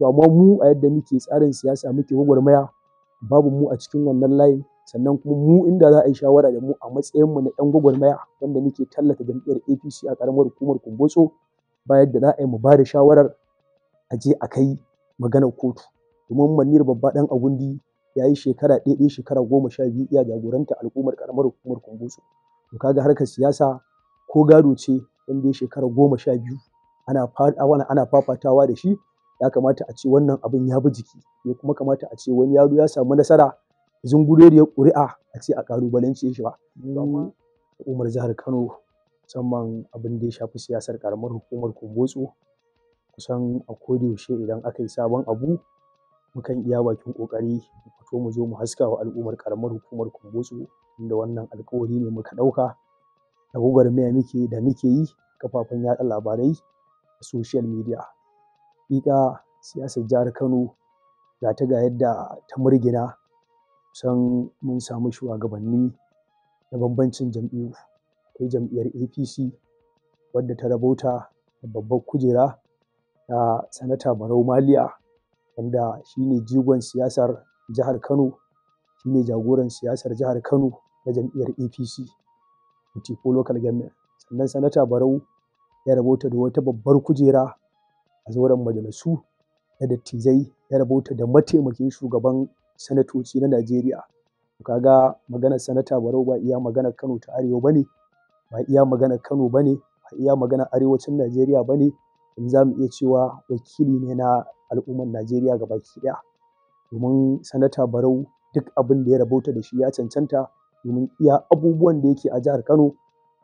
to amma mu a yadda muke tsarin siyasa muke gwagwarmaya babu mu a cikin wannan layin sannan kuma mu inda za a yi shawara da mu a matsayin mu na yan gwagwarmaya wanda muke tallata jam'iyyar APC a karamar hukumar Kumbotso ba yadda za a yi mu ba da shawarar a je a kai maganar kotu domin Manir babba dan agundi ya yi shekara ɗaya shekara goma sha biyu iya jagoranta al'ummar karamar hukumar Kumbotso to kaga harkar siyasa ko gado ce wanda ya shekara goma sha biyu ana fafatawa da shi ya kamata a ce wannan abin ya bi jiki ya kuma kamata a ce wani yaro ya samu nasara ya ƙuri'a a ce a ƙalubalance shi ba umar jihar kano musamman abin da ya shafi siyasar karamar hukumar kumbotso kusan a yaushe idan aka yi sabon abu mukan iya bakin kokari mu fito mu zo mu haska wa al'ummar karamar hukumar kumbotso inda wannan alkawari ne muka ɗauka da gwagwarmaya muke da muke yi kafafen yaɗa labarai a social media haƙiƙa siyasar jihar Kano ga ta ga yadda ta murgina san mun samu shugabanni na bambancin jam'iyyu akwai jam'iyyar APC wadda ta rabota da babbar kujera ta sanata Barau Maliya wanda shine jigon siyasar jihar Kano shine jagoran siyasar jihar Kano na jam'iyyar APC Mutiko Local Government sannan sanata Barau ya rabota da wata babbar kujera zauren majalisu na dattijai ya rabauta da mataimakin shugaban sanatoci na Najeriya. Kaga maganar sanata Barau ba iya maganar Kano ta Arewa ba ne, ba iya maganar Kano ba ne, ba iya maganar Arewacin Najeriya ba ne, in za mu iya cewa wakili ne na al'ummar Najeriya ga baki ɗaya. Domin sanata Barau duk abin da ya rabota da shi ya cancanta domin iya abubuwan da yake a jihar Kano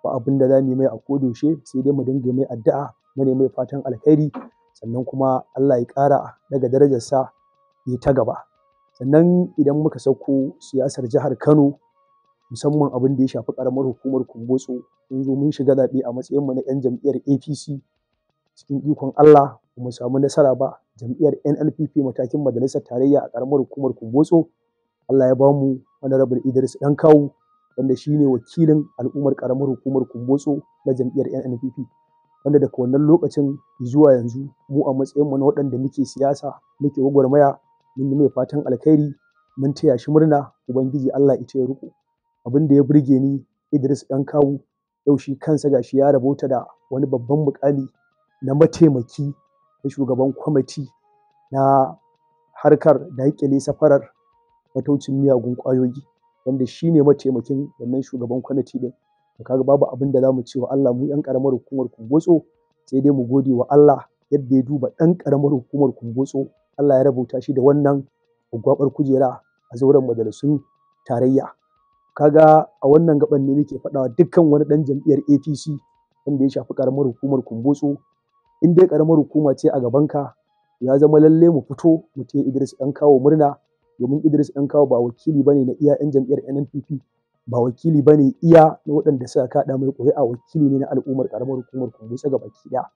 ba abin da za mu yi mai a kodoshe sai dai mu dinga mai addu'a mu ne mai fatan alkhairi sannan kuma Allah ya ƙara daga darajarsa ya ta gaba sannan idan muka sauko siyasar jihar Kano musamman abin da ya shafi ƙaramar hukumar Kumbotso mun zo mun shiga zaɓe a matsayin mu na 'yan jam'iyyar APC cikin ikon Allah ba mu samu nasara ba jam'iyyar NNPP matakin majalisar tarayya a karamar hukumar Kumbotso Allah ya ba mu Honorable Idris kawu, wanda shine wakilin al'ummar karamar hukumar Kumbotso na jam'iyyar NNPP wanda daga wannan lokacin zuwa yanzu mu a matsayin mu na waɗanda muke siyasa muke gwagwarmaya mun yi mai fatan alkhairi mun taya shi murna ubangiji Allah ita ya riko abin da ya burge ni Idris dan kawu yau shi kansa gashi ya rabota da wani babban mukali na mataimaki na shugaban kwamiti na harkar da daƙile safarar matocin miyagun kwayoyi wanda shine mataimakin wannan shugaban kwamiti din to kaga babu abin da zamu ce wa Allah mu yan karamar hukumar Kumbotso sai dai mu gode wa Allah yadda ya duba ɗan karamar hukumar Kumbotso Allah ya rubuta shi da wannan gwabar kujera a zauren majalisun tarayya kaga a wannan gaban ne muke faɗawa dukkan wani ɗan jam'iyyar APC wanda ya shafi karamar hukumar Kumbotso in dai karamar hukuma ce a gabanka ya zama lalle mu fito mu ce Idris ɗan kawo murna domin Idris ɗan kawo ba wakili bane na iya 'yan jam'iyyar NNPP ba wakili ba ne iya na waɗanda suka kaɗa mai ƙuri'a wakili ne na al'ummar ƙaramar hukumar kumbutsa ga baki ɗaya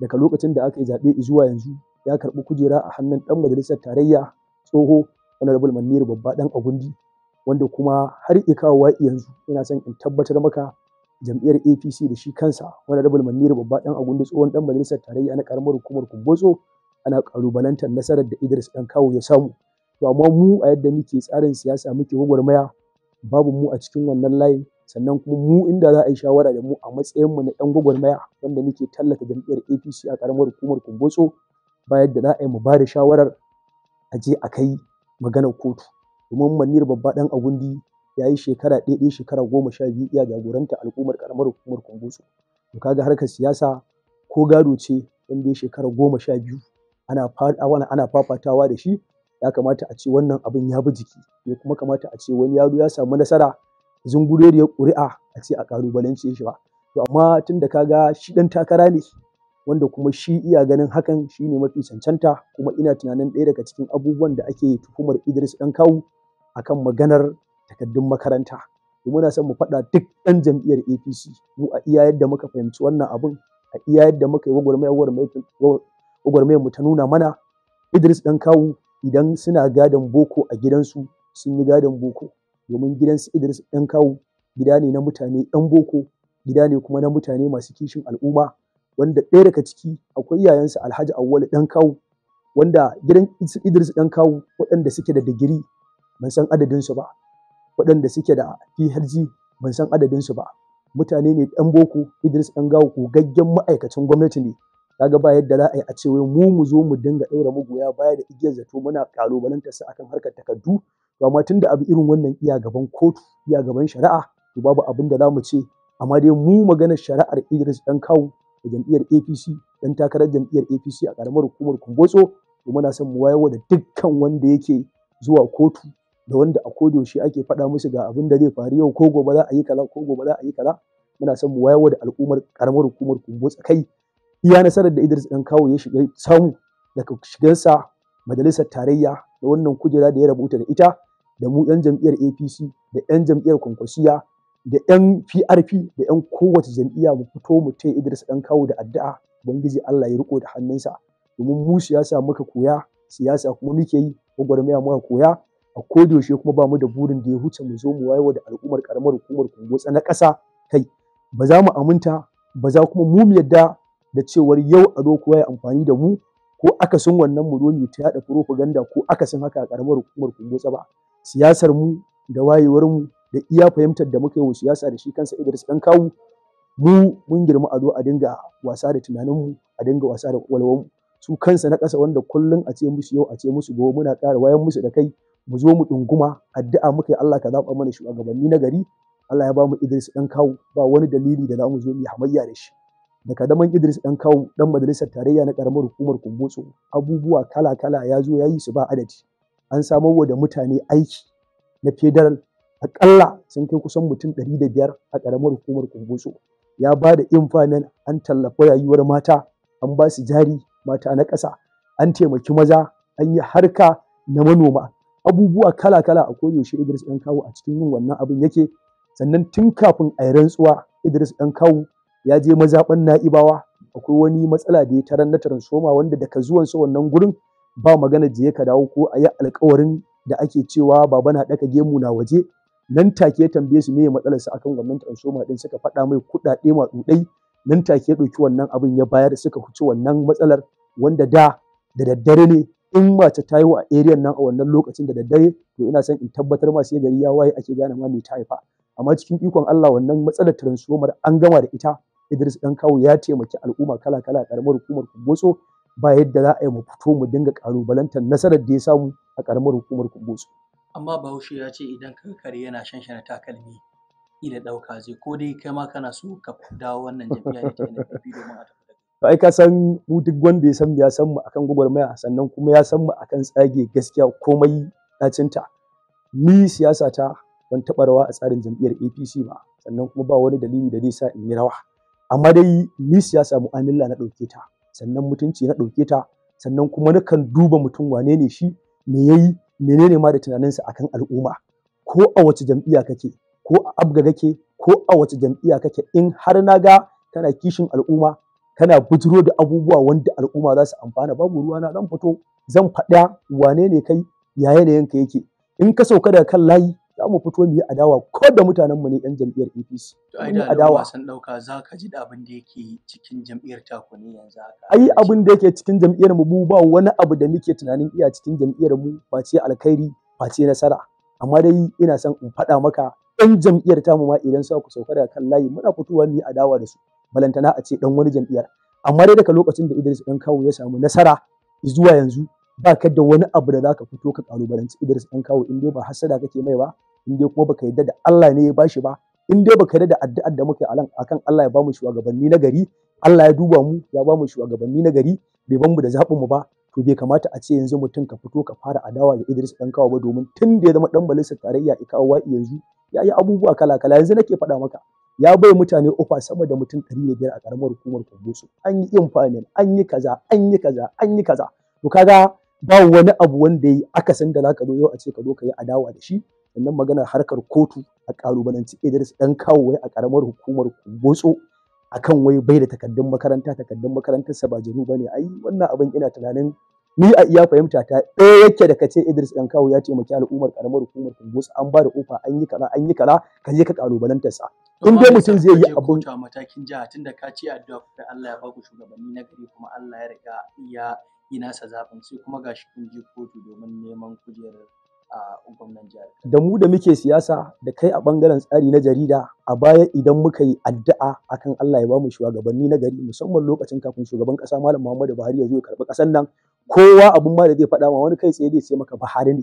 daga lokacin da aka yi zaɓe zuwa yanzu ya karɓi kujera a hannun ɗan majalisar tarayya tsoho honorable manir babba ɗan agundi wanda kuma har kawo ikawa yanzu ina son in tabbatar maka jam'iyyar apc da shi kansa honorable manir babba ɗan agundi tsohon ɗan majalisar tarayya na ƙaramar hukumar kumbotso ana ƙalubalantar nasarar da idris ɗan kawo ya samu to amma mu a yadda muke tsarin siyasa muke gwagwarmaya babu mu a cikin wannan layin sannan kuma mu inda za a yi shawara da mu a matsayinmu na 'yan gwagwarmaya wanda muke tallata jam'iyyar apc a ƙaramar hukumar kumbotso Ba yadda za a yi mu ba da shawarar a je a kai maganar kotu domin manir babba ɗan agundi ya yi shekara ɗaya shekara goma sha biyu iya jagoranta al'ummar ƙaramar hukumar kumbotso to kaga harkar siyasa ko gado ce wanda ya shekara goma sha biyu ana fafatawa da shi ya kamata a ce wannan abin ya bi jiki ya kuma kamata a ce wani yaro ya samu nasara zunguriyar da ya ƙuri'a a ce a ƙalubalance shi ba to amma tun da kaga shi ɗan takara ne wanda kuma shi iya ganin hakan shi ne mafi cancanta kuma ina tunanin ɗaya daga cikin abubuwan da ake tuhumar Idris ɗan kawu akan maganar takardun makaranta muna son mu faɗa duk ɗan jam'iyyar APC mu a iya yadda muka fahimci wannan abin a iya yadda muka yi gwagwarmayar mu ta nuna mana Idris ɗan kawu idan suna gadon boko a gidansu sun yi gadon boko domin gidansu Idris ɗan kawu gida ne na mutane ɗan boko gida ne kuma na mutane masu kishin al'umma wanda ɗaya daga ciki akwai iyayensu Alhaji Awwal ɗan kawu wanda gidan Idris ɗan kawu waɗanda suke da digiri ban san adadinsu ba waɗanda suke da PhD ban san adadinsu ba mutane ne ɗan boko Idris ɗan gawo gaggen ma'aikacin gwamnati ne kaga ba yadda za a yi a ce wai mu mu zo mu dinga ɗaura magoya baya da igiyar zato muna ƙalubalantar su akan harkar takardu to amma tunda abu irin wannan iya gaban kotu iya gaban shari'a to babu abin da za mu ce amma dai mu maganar shari'ar Idris dan kawu da jam'iyyar APC dan takarar jam'iyyar APC a ƙaramar hukumar Kumbotso to muna son mu wayar da dukkan wanda yake zuwa kotu da wanda a kodayaushe ake faɗa musu ga abin da zai faru yau ko gobe za a yi kaza ko gobe za a yi kaza muna son mu wayar da al'ummar ƙaramar hukumar Kumbotso kai iya nasarar da Idris ɗan kawo ya shiga samu daga shigarsa majalisar tarayya da wannan kujera da ya rabuta da ita da mu 'yan jam'iyyar APC da 'yan jam'iyyar Kwankwasiya da 'yan PRP da 'yan kowace jam'iyya mu fito mu taya Idris ɗan kawo da addu'a Ubangiji Allah ya riko da hannunsa domin mu siyasa muka koya siyasa kuma muke yi gwagwarmaya muka koya a yaushe kuma ba mu da burin da ya huce mu zo mu wayewa da al'ummar karamar hukumar kungotsa na ƙasa kai ba za mu aminta ba za kuma mu yadda da cewar yau a zo kowa ya amfani da mu ko akasin wannan mu ta yada propaganda ko akasin haka a karamar hukumar Kungotsa ba siyasar mu da wayewar mu da iya fahimtar da muka yi wa siyasa da shi kansa Idris dan kawu mu mun girma a zo a dinga wasa da tunanin mu a dinga wasa da kwalwan mu su kansa na ƙasa wanda kullum a ce musu yau a ce musu gobe muna ƙara wayan musu da kai mu zo mu ɗunguma addu'a muka yi Allah ka zaba mana shugabanni na gari Allah ya ba mu Idris ɗan kawu ba wani dalili da za mu zo mu yi hamayya da shi da kadaman Idris dan kawo dan majalisar tarayya na karamar hukumar Kumbotso abubuwa kala-kala ya zo ya yi su ba adadi an samar da mutane aiki na federal akalla sun kai kusan mutum 105 a karamar hukumar Kumbotso ya ba da infamen an tallafa rayuwar mata an ba su jari mata na ƙasa an taimaki maza an yi harka na manoma abubuwa kala-kala a koyaushe Idris dan kawo a cikin yin wannan abin yake sannan tun kafin a yi rantsuwa Idris dan kawo ya je mazaɓan na'ibawa akwai wani matsala da ya tarar na transforma wanda daga zuwan sa wannan gurin ba magana je ka dawo ko a yi alkawarin da ake cewa baba na daka gemu na waje nan take ya tambaye su me sa akan wannan transforma din suka faɗa mai kuɗaɗe dudai nan take ya ɗauki wannan abin ya bayar suka huce wannan matsalar wanda da da daddare ne in mace ta haihu a area nan a wannan lokacin da daddare to ina son in tabbatar ma sai gari ya waye ake gane ma me ta haifa amma cikin ikon Allah wannan matsalar transformer an gama da ita Idris dan kawo ya taimaki al'umma kala kala a karamar hukumar Kumbotso ba yadda za a yi mu fito mu dinga ƙalubalantar nasarar da ya samu a karamar hukumar Kumbotso amma Bahaushe ya ce idan ka kare yana shanshana takalmi ila ɗauka zai ko dai kai ma kana so ka dawo wannan jami'a ya taimaka NPP domin a tafi ka san mu duk wanda ya san mu akan gwagwarmaya sannan kuma ya san mu akan tsage gaskiya komai ɗacinta. ni siyasa ta ban taɓa rawa a tsarin jam'iyyar APC ba sannan kuma ba wani dalili da zai sa in yi rawa amma dai ni siyasa mu'amala na ɗauke ta sannan mutunci na ɗauke ta sannan kuma nakan duba mutum wane ne shi me yayi menene ma da tunaninsa akan al'umma ko a wace jam'iyya kake ko a abga kake ko a wace jam'iyya kake in har na ga kana kishin al'umma kana bujiro da abubuwa wanda al'umma za su amfana babu ruwa na zan fito zan faɗa wane ne kai ya yanka yake in ka sauka daga kan layi za mu fito mu yi adawa ko da mutanen mu ne yan jam'iyyar APC. Ai da adawa san dauka za ka ji da abin da yake cikin jam'iyyar taku ne yanzu haka. Ai abin da yake cikin jam'iyyar mu ba wani abu da muke tunanin iya cikin jam'iyyar mu face alkhairi face nasara. Amma dai ina son in faɗa maka ɗan jam'iyyar ta mu ma idan sa ku sauka da kan layi muna fitowa mu yi adawa da su. Balantana a ce ɗan wani jam'iyyar. Amma dai daga lokacin da Idris ɗan kawo ya samu nasara zuwa yanzu ba ka da wani abu da zaka fito ka kalubalanci Idris dan kawo in dai ba hasada kake mai ba in dai kuma baka yadda da Allah ne ya bashi ba in dai baka yadda da addu'ar da muke alan akan Allah ya bamu shugabanni na gari Allah ya duba mu ya ba mu shugabanni na gari bai ban mu da zaɓin mu ba to bai kamata a ce yanzu mutum ka fito ka fara adawa da Idris dan kawo ba domin tun da ya zama dan balisa tarayya wa yanzu ya yi abubuwa kala kala yanzu nake faɗa maka ya bai mutane ofa sama da mutum ɗari da biyar a karamar hukumar Kwamboso an yi infamin an yi kaza an yi kaza an yi kaza to kaga ba wani abu wanda yi san da zaka zo yau a ce ka zo ka yi adawa da shi sannan maganar harkar kotu a ƙalubalanci Idris dan kawo wai a karamar hukumar A akan wai bai da takaddun makaranta takaddun makarantar sa ba ne, bane ai wannan abin ina tunanin ni a iya fahimta ta ɗaya yake da kace Idris dan kawo ya ce taimaki al'ummar karamar hukumar kubotso an ba da ofa, an yi kaza an yi kaza ka je ka ƙalubalantar sa in dai mutum zai yi abun matakin jiha tunda ka ce addu'a da Allah ya ba ku shugabanni na gari kuma Allah ya riga ya yi nasa zaɓin sai kuma ga shi kun je kotu domin neman kujerar a gwamnan jihar. Da mu da muke siyasa da kai a bangaren tsari na jarida a baya idan muka yi addu'a akan Allah ya bamu shugabanni na gari musamman lokacin kafin shugaban ƙasa, Malam Muhammadu Buhari ya zo ya karɓi ƙasar nan kowa abun ma da zai faɗa ma wani kai tsaye zai ce maka Buhari ne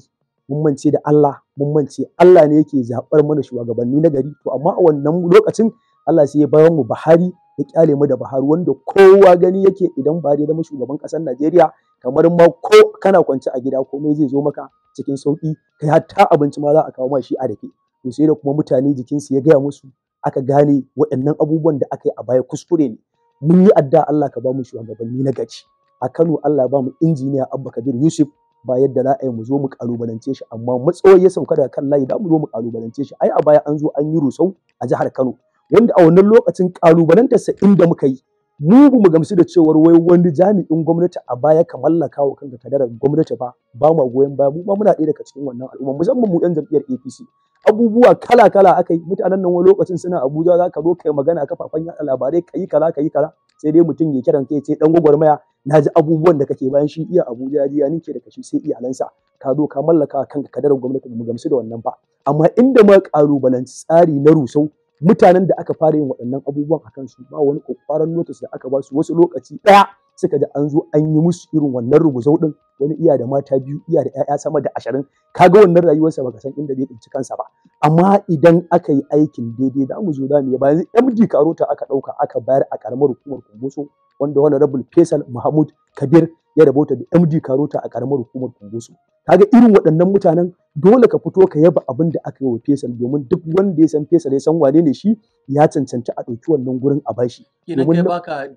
mun mance da Allah mun mance Allah ne yake zaɓar mana shugabanni na gari to amma a wannan lokacin Allah sai ya bayar mu Buhari ya kyale mu da bahar wanda kowa gani yake idan ba ya zama shugaban ƙasar Najeriya kamar ma ko kana kwance a gida ko komai zai zo maka cikin sauki kai hatta abinci ma za a kawo ma shi a dake to sai da kuma mutane jikinsu ya gaya musu aka gane waɗannan abubuwan da aka yi a baya kuskure ne mun yi adda Allah ka ba mu shugabanni na gaci a Kano Allah ba mu injiniya Abba Kabir Yusuf ba yadda za a yi mu zo mu kalubalance shi amma matsawar ya sauka daga kan layi da mu zo mu kalubalance shi ai a baya an zo an yi rusau a jihar Kano wanda a wannan lokacin kalubalantarsa inda muka yi mu ba mu gamsu da cewar wai wani jami'in gwamnati a baya ka mallaka wa kanka kadarar gwamnati ba ba mu goyon baya mu ba muna ɗaya daga cikin wannan al'umma musamman mu yan jam'iyyar APC abubuwa kala kala aka yi mutanen nan wani lokacin suna Abuja za ka zo kai magana kafafen yaɗa labarai kayi kala kayi kala sai dai mutum ya kiran kai ce dan gwagwarmaya na ji abubuwan da kake bayan shi iya Abuja ji ya nike da kashi sai iyalansa ka zo ka mallaka kanka kadarar gwamnati mu gamsu da wannan ba amma inda ma ƙalubalen tsari na rusau mutanen da aka fara yin waɗannan abubuwan akan su ba wani kokarin notice da aka ba su wasu lokaci ɗaya suka ji an zo an yi musu irin wannan rubuzau ɗin. wani iya da mata biyu iya da 'ya'ya sama da ashirin kaga wannan rayuwarsa baka san inda zai tsinci kansa ba amma idan aka yi aikin daidai za mu zo za mu yi bayan md karota aka ɗauka aka bayar a karamar hukumar kumbuso wanda honorable faisal mahmud kabir ya rabota da md karota a karamar hukumar kungusu kaga irin waɗannan mutanen dole ka fito ka yaba abin da aka yi wa fesal domin duk wanda ya san fesal ya san wane ne shi ya cancanci a ɗauki wannan gurin a bashi kenan kai baka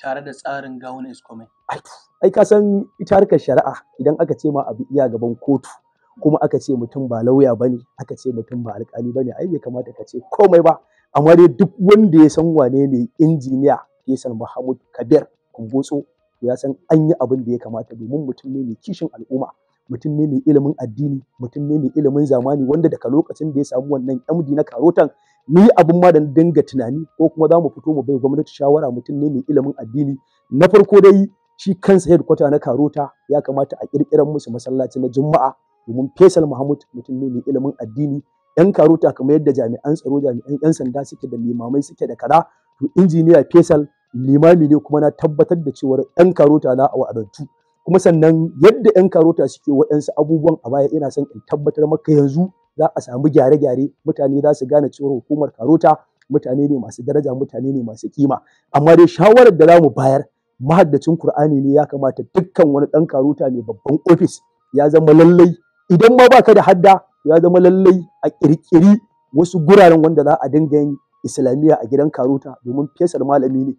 tare da tsarin gawun iskome ai ka san ita harkar shari'a idan aka ce ma abu iya gaban kotu kuma aka ce mutum ba lauya bane aka ce mutum ba alƙali bane ai bai kamata ka ce komai ba amma dai duk wanda ya san wane ne injiniya fesal Muhammad Kabir Kumbotso ya san an yi abin da ya kamata domin mutum ne mai kishin al'umma mutum ne mai ilimin addini mutum ne mai ilimin zamani wanda daga lokacin da ya samu wannan MD na karotan ni abin ma da dinga tunani ko kuma za mu fito mu bai gwamnati shawara mutum ne mai ilimin addini na farko dai shi kansa headquarter na karota ya kamata a kirkirar musu masallaci na juma'a domin fesal Muhammad mutum ne mai ilimin addini yan karota kamar yadda jami'an tsaro jami'an yan sanda suke da limamai suke da kada to injiniya fesal. limami ne kuma na tabbatar da cewar yan karota na wa'adantu kuma sannan yadda yan karota suke waɗansu abubuwan a baya ina son in tabbatar maka yanzu za a samu gyare-gyare mutane za su gane cewar hukumar karota mutane ne masu daraja mutane ne masu kima amma dai shawarar da za mu bayar mahaddacin Kur'ani ne ya kamata dukkan wani ɗan karota mai babban ofis ya zama lallai idan ma baka da hadda ya zama lallai a ƙirƙiri wasu guraren wanda za a dinga yin islamiyya a gidan karota domin fesar malami ne